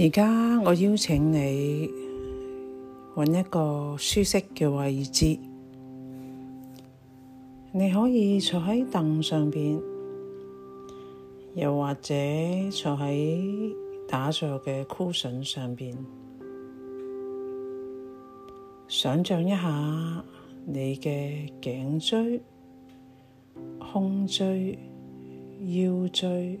而家我邀請你揾一個舒適嘅位置，你可以坐喺凳上邊，又或者坐喺打坐嘅 cushion 上面。想象一下你嘅頸椎、胸椎、腰椎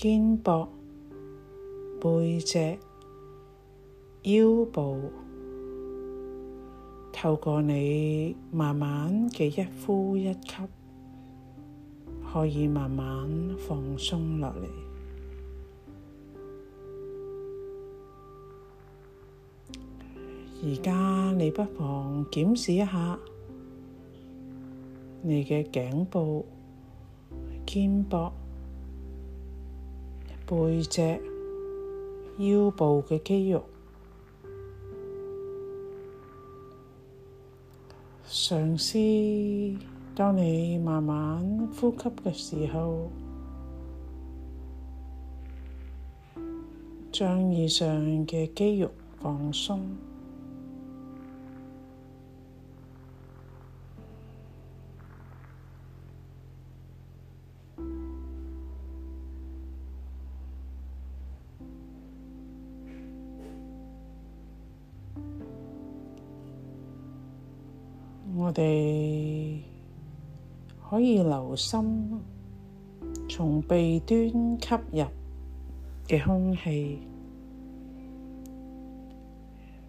肩膊、背脊、腰部，透過你慢慢嘅一呼一吸，可以慢慢放鬆落嚟。而家你不妨檢視一下你嘅頸部、肩膊。背脊、腰部嘅肌肉，嘗試當你慢慢呼吸嘅時候，將以上嘅肌肉放鬆。心從鼻端吸入嘅空氣，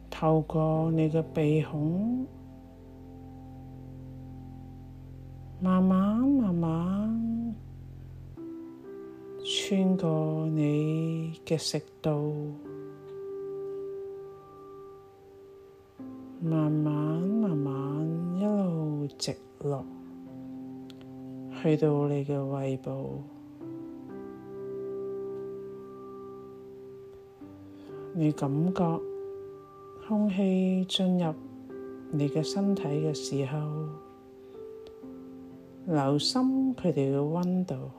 透過你嘅鼻孔，慢慢慢慢穿過你嘅食道，慢慢慢慢一路直落。去到你嘅胃部，你感覺空氣進入你嘅身體嘅時候，留心佢哋嘅溫度。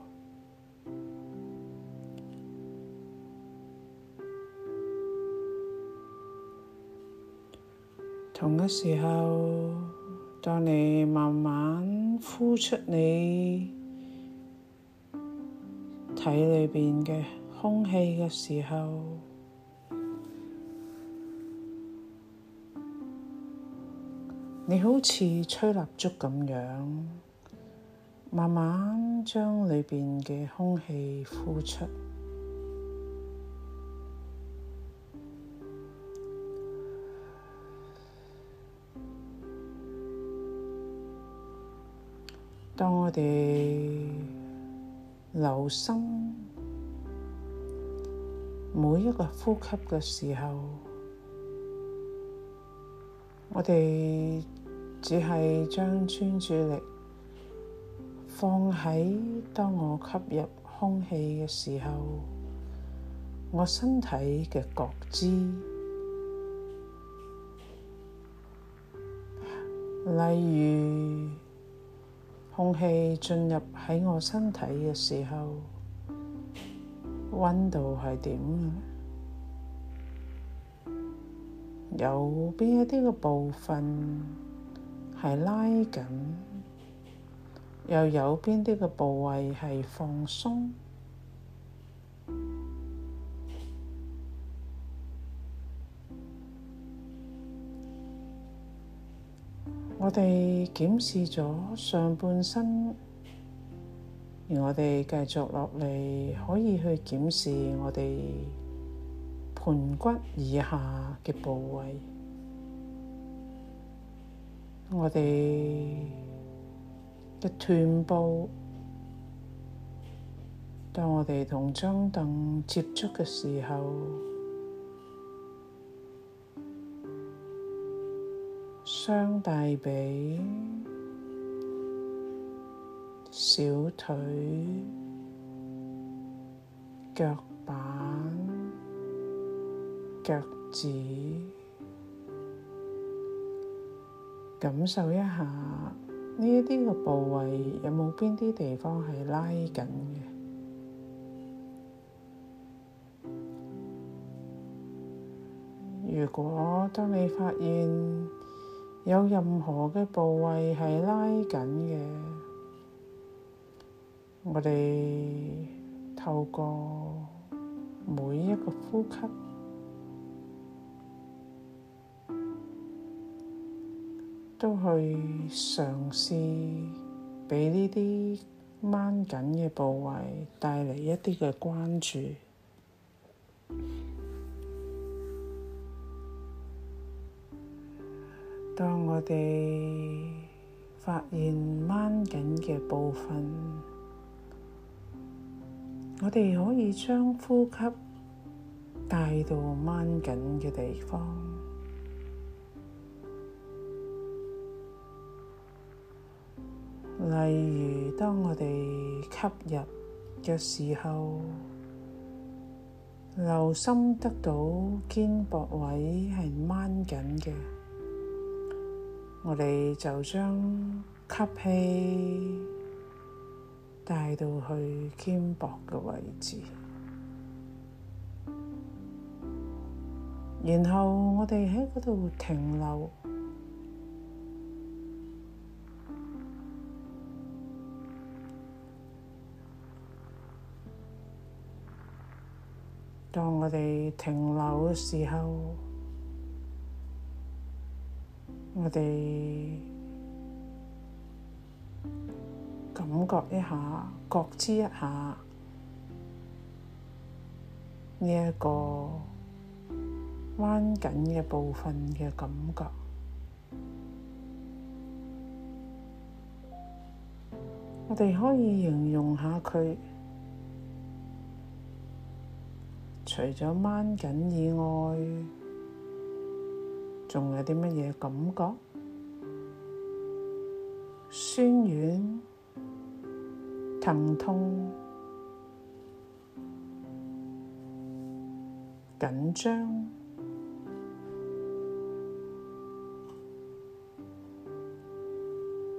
同一時候。當你慢慢呼出你體裏邊嘅空氣嘅時候，你好似吹蠟燭咁樣，慢慢將裏邊嘅空氣呼出。當我哋留心每一個呼吸嘅時候，我哋只係將專注力放喺當我吸入空氣嘅時候，我身體嘅覺知，例如。空氣進入喺我身體嘅時候，溫度係點啊？有邊一啲嘅部分係拉緊，又有邊啲嘅部位係放鬆？我哋檢視咗上半身，而我哋繼續落嚟，可以去檢視我哋盆骨以下嘅部位，我哋嘅臀部。當我哋同張凳接觸嘅時候，雙大髀、小腿、腳板、腳趾，感受一下呢一啲個部位有冇邊啲地方係拉緊嘅？如果當你發現，有任何嘅部位係拉緊嘅，我哋透過每一個呼吸，都去嘗試畀呢啲掹緊嘅部位帶嚟一啲嘅關注。當我哋發現掹緊嘅部分，我哋可以將呼吸帶到掹緊嘅地方。例如，當我哋吸入嘅時候，留心得到肩膊位係掹緊嘅。我哋就將吸氣帶到去肩膊嘅位置，然後我哋喺嗰度停留。當我哋停留嘅時候。我哋感覺一下，覺知一下呢一個彎緊嘅部分嘅感覺。我哋可以形容下佢，除咗彎緊以外。仲有啲乜嘢感覺？酸軟、疼痛、緊張。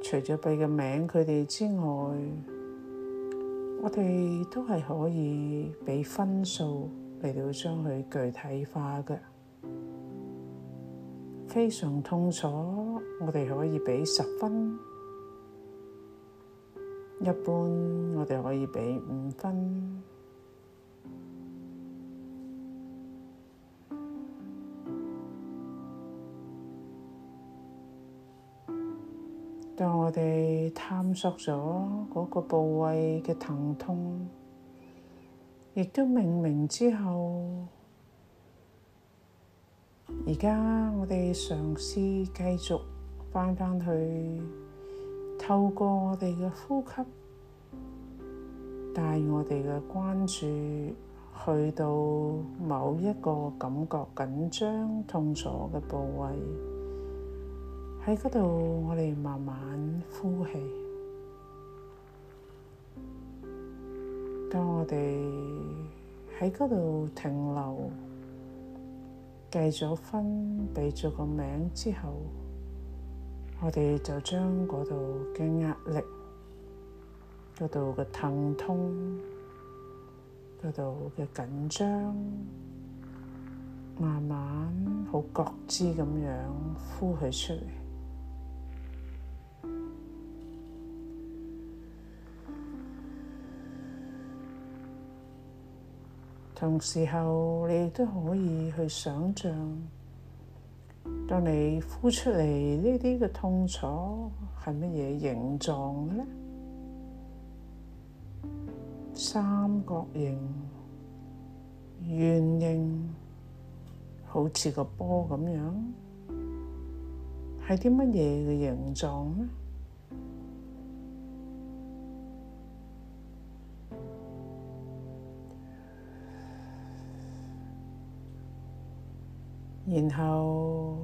除咗畀個名佢哋之外，我哋都係可以畀分數，嚟到將佢具體化嘅。非常痛楚，我哋可以畀十分；一般，我哋可以畀五分。當我哋探索咗嗰個部位嘅疼痛，亦都命名之後。而家我哋嘗試繼續翻返去，透過我哋嘅呼吸，帶我哋嘅關注去到某一個感覺緊張、痛楚嘅部位，喺嗰度，我哋慢慢呼氣。當我哋喺嗰度停留。計咗分，俾咗個名之後，我哋就將嗰度嘅壓力、嗰度嘅疼痛、嗰度嘅緊張，慢慢好覺知咁樣呼佢出嚟。同時候，你亦都可以去想像，當你呼出嚟呢啲嘅痛楚係乜嘢形狀嘅咧？三角形、圓形，好似個波咁樣，係啲乜嘢嘅形狀咧？然後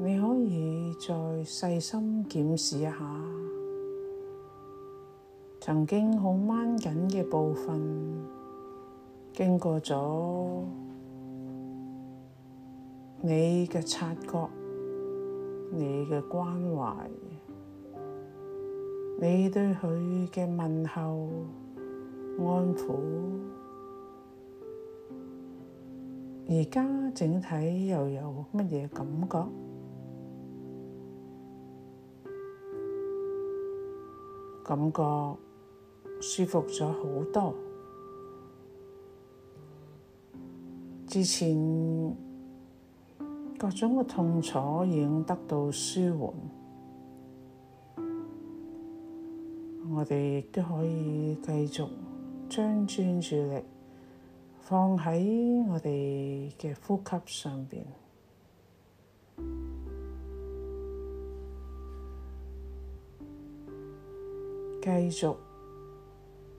你可以再細心檢視一下，曾經好掹緊嘅部分，經過咗你嘅察覺、你嘅關懷、你對佢嘅問候、安撫。而家整體又有乜嘢感覺？感覺舒服咗好多，之前各種嘅痛楚已經得到舒緩，我哋亦都可以繼續將專注力，放喺我哋嘅呼吸上邊，繼續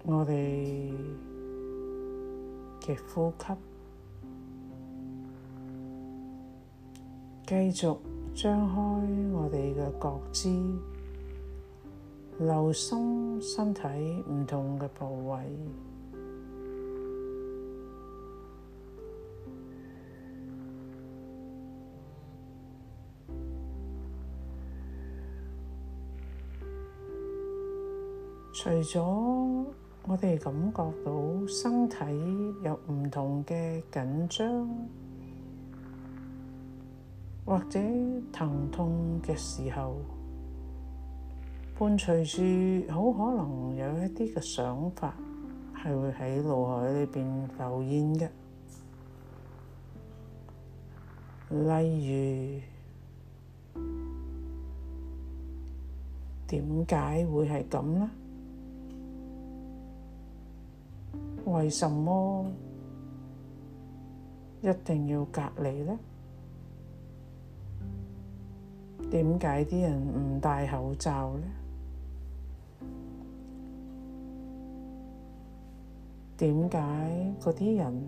我哋嘅呼吸，繼續張開我哋嘅覺知，留心身體唔同嘅部位。除咗我哋感覺到身體有唔同嘅緊張，或者疼痛嘅時候，伴隨住好可能有一啲嘅想法係會喺腦海裏邊浮現嘅，例如點解會係咁呢？為什麼一定要隔離呢？點解啲人唔戴口罩呢？點解嗰啲人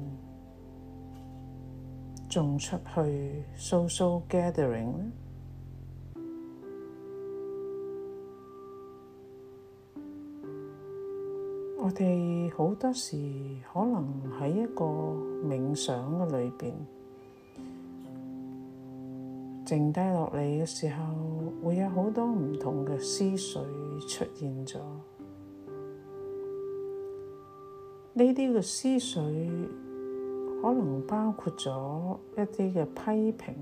仲出去 social gathering 呢？我哋好多時可能喺一個冥想嘅裏邊靜低落嚟嘅時候，會有好多唔同嘅思緒出現咗。呢啲嘅思緒可能包括咗一啲嘅批評，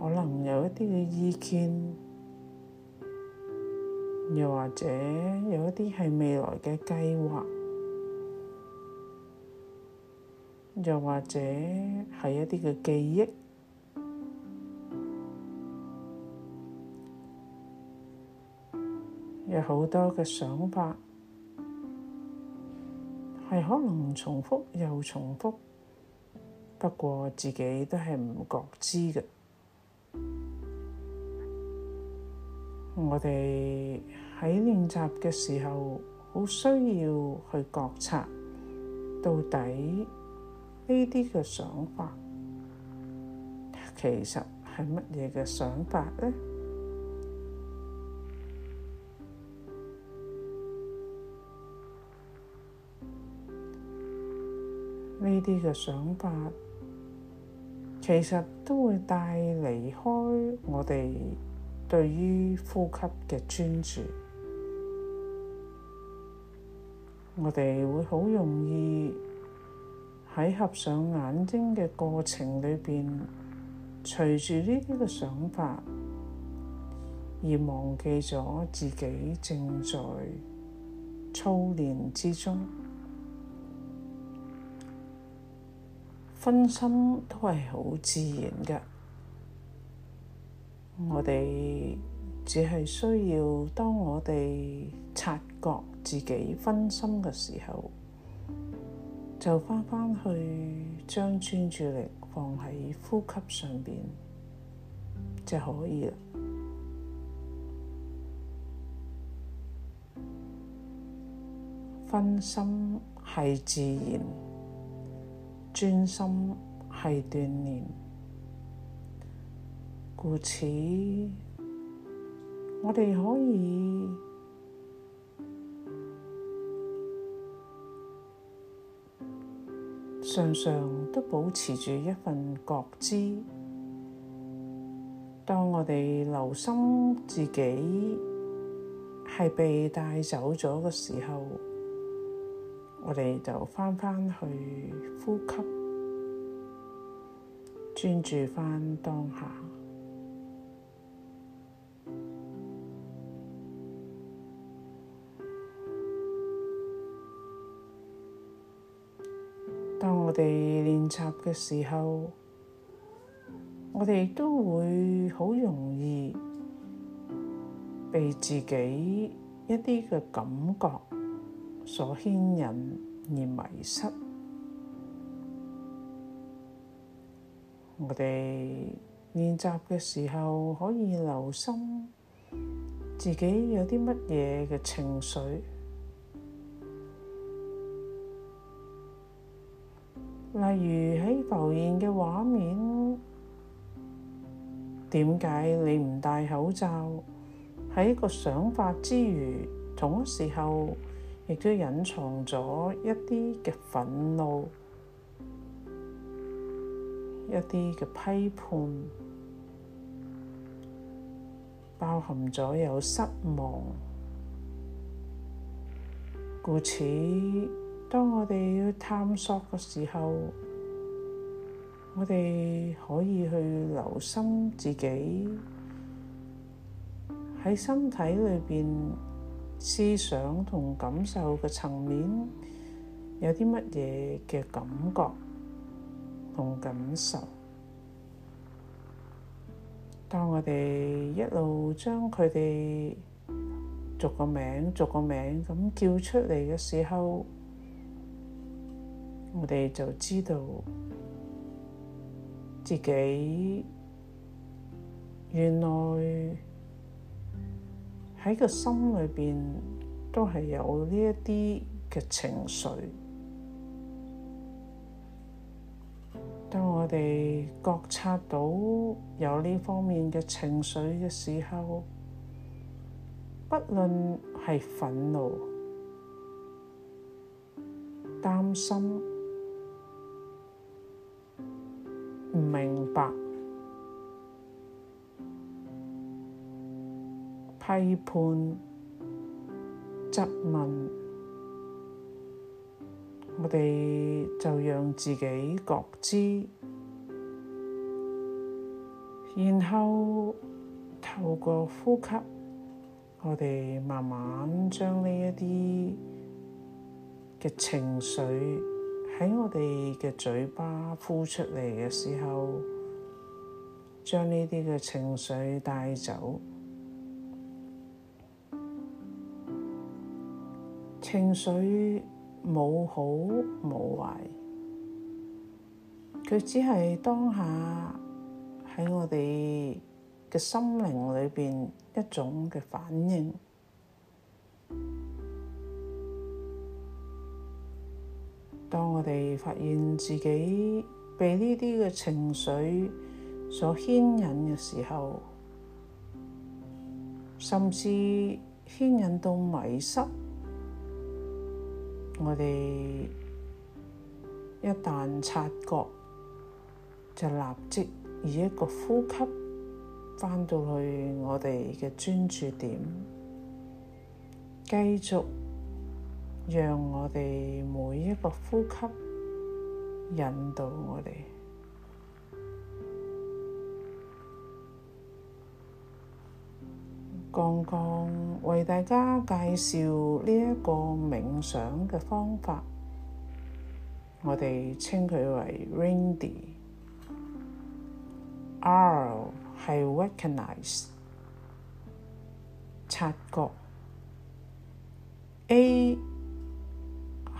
可能有一啲嘅意見。又或者有一啲係未來嘅計劃，又或者係一啲嘅記憶，有好多嘅想法係可能重複又重複，不過自己都係唔覺知嘅，我哋。喺練習嘅時候，好需要去覺察，到底呢啲嘅想法，其實係乜嘢嘅想法咧？呢啲嘅想法，其實都會帶離開我哋對於呼吸嘅專注。我哋會好容易喺合上眼睛嘅過程裏邊，隨住呢啲嘅想法而忘記咗自己正在操練之中，分心都係好自然嘅。嗯、我哋只係需要，當我哋察覺自己分心嘅時候，就翻返去將專注力放喺呼吸上邊，就可以啦。分心係自然，專心係鍛練，故此我哋可以。常常都保持住一份覺知。當我哋留心自己係被帶走咗嘅時候，我哋就翻返去呼吸，專注返當下。我哋練習嘅時候，我哋都會好容易被自己一啲嘅感覺所牽引而迷失。我哋練習嘅時候，可以留心自己有啲乜嘢嘅情緒。例如喺浮現嘅畫面，點解你唔戴口罩？喺一個想法之餘，同一時候亦都隱藏咗一啲嘅憤怒，一啲嘅批判，包含咗有失望，故此。當我哋要探索嘅時候，我哋可以去留心自己喺身體裏面思想同感受嘅層面，有啲乜嘢嘅感覺同感受。當我哋一路將佢哋逐個名、逐個名噉叫出嚟嘅時候，我哋就知道自己原來喺個心裏邊都係有呢一啲嘅情緒。當我哋覺察到有呢方面嘅情緒嘅時候，不論係憤怒、擔心、唔明白、批判、質問，我哋就讓自己覺知，然後透過呼吸，我哋慢慢將呢一啲嘅情緒，喺我哋嘅嘴巴呼出嚟嘅時候，將呢啲嘅情緒帶走。情緒冇好冇壞，佢只係當下喺我哋嘅心靈裏邊一種嘅反應。當我哋發現自己被呢啲嘅情緒所牽引嘅時候，甚至牽引到迷失，我哋一旦察覺，就立即以一個呼吸返到去我哋嘅專注點，繼續。讓我哋每一個呼吸引導我哋。剛剛為大家介紹呢一個冥想嘅方法，我哋稱佢為 Randy R 係 recognize 察覺。A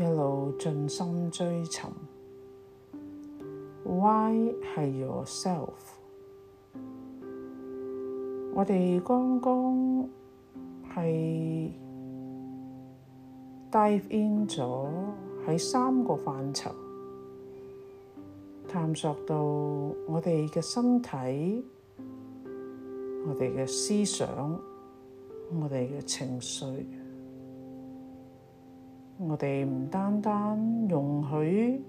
一路盡心追尋，Why 係 yourself。我哋剛剛係 dive in 咗喺三個範疇，探索到我哋嘅身體、我哋嘅思想、我哋嘅情緒。我哋唔單單容許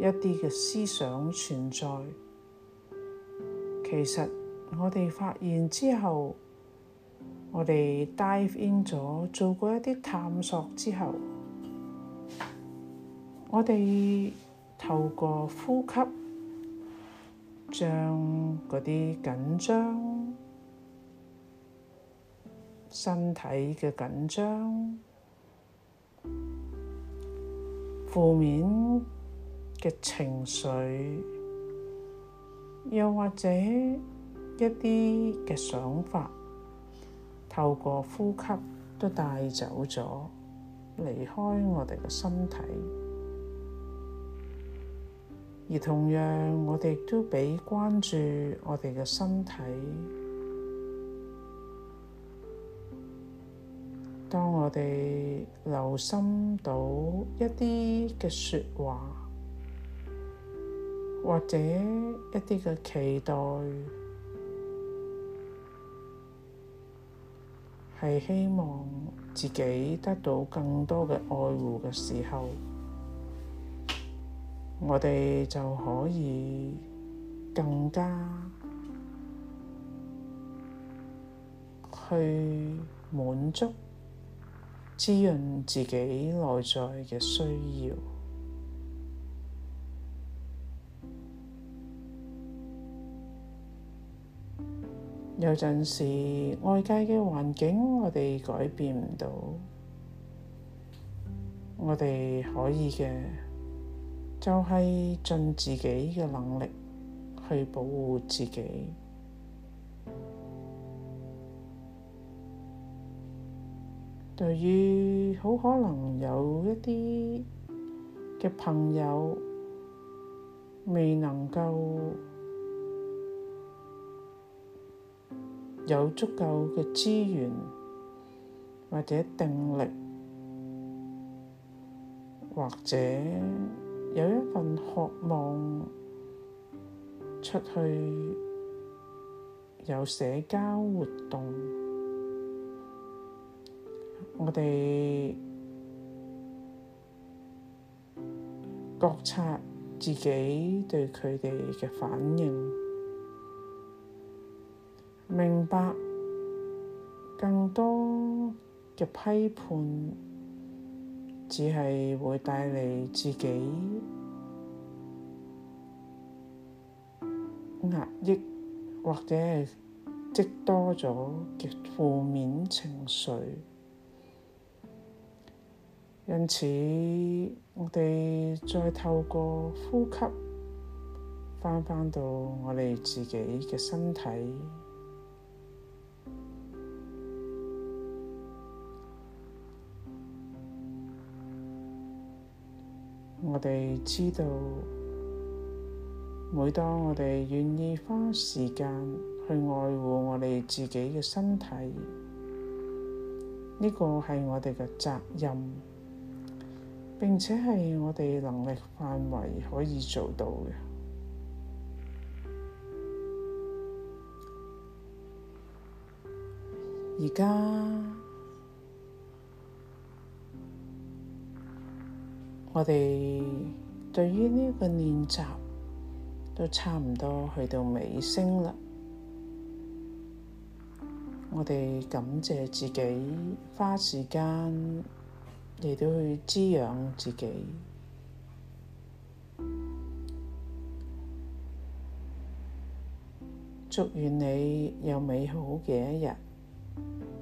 一啲嘅思想存在，其實我哋發現之後，我哋 dive in 咗，做過一啲探索之後，我哋透過呼吸，將嗰啲緊張、身體嘅緊張、負面嘅情緒，又或者一啲嘅想法，透過呼吸都帶走咗，離開我哋嘅身體。而同樣，我哋都畀關注我哋嘅身體。當我哋留心到一啲嘅說話，或者一啲嘅期待，係希望自己得到更多嘅愛護嘅時候，我哋就可以更加去滿足。滋潤自己內在嘅需要。有陣時外界嘅環境我哋改變唔到，我哋可以嘅，就係盡自己嘅能力去保護自己。對於好可能有一啲嘅朋友未能夠有足夠嘅資源，或者定力，或者有一份渴望出去有社交活動。我哋覺察自己對佢哋嘅反應，明白更多嘅批判，只係會帶嚟自己壓抑，或者係積多咗嘅負面情緒。因此，我哋再透過呼吸翻返到我哋自己嘅身體。我哋知道，每當我哋願意花時間去愛護我哋自己嘅身體，呢個係我哋嘅責任。並且係我哋能力範圍可以做到嘅。而家，我哋對於呢個練習都差唔多去到尾聲啦。我哋感謝自己花時間。嚟到去滋養自己，祝願你有美好嘅一日。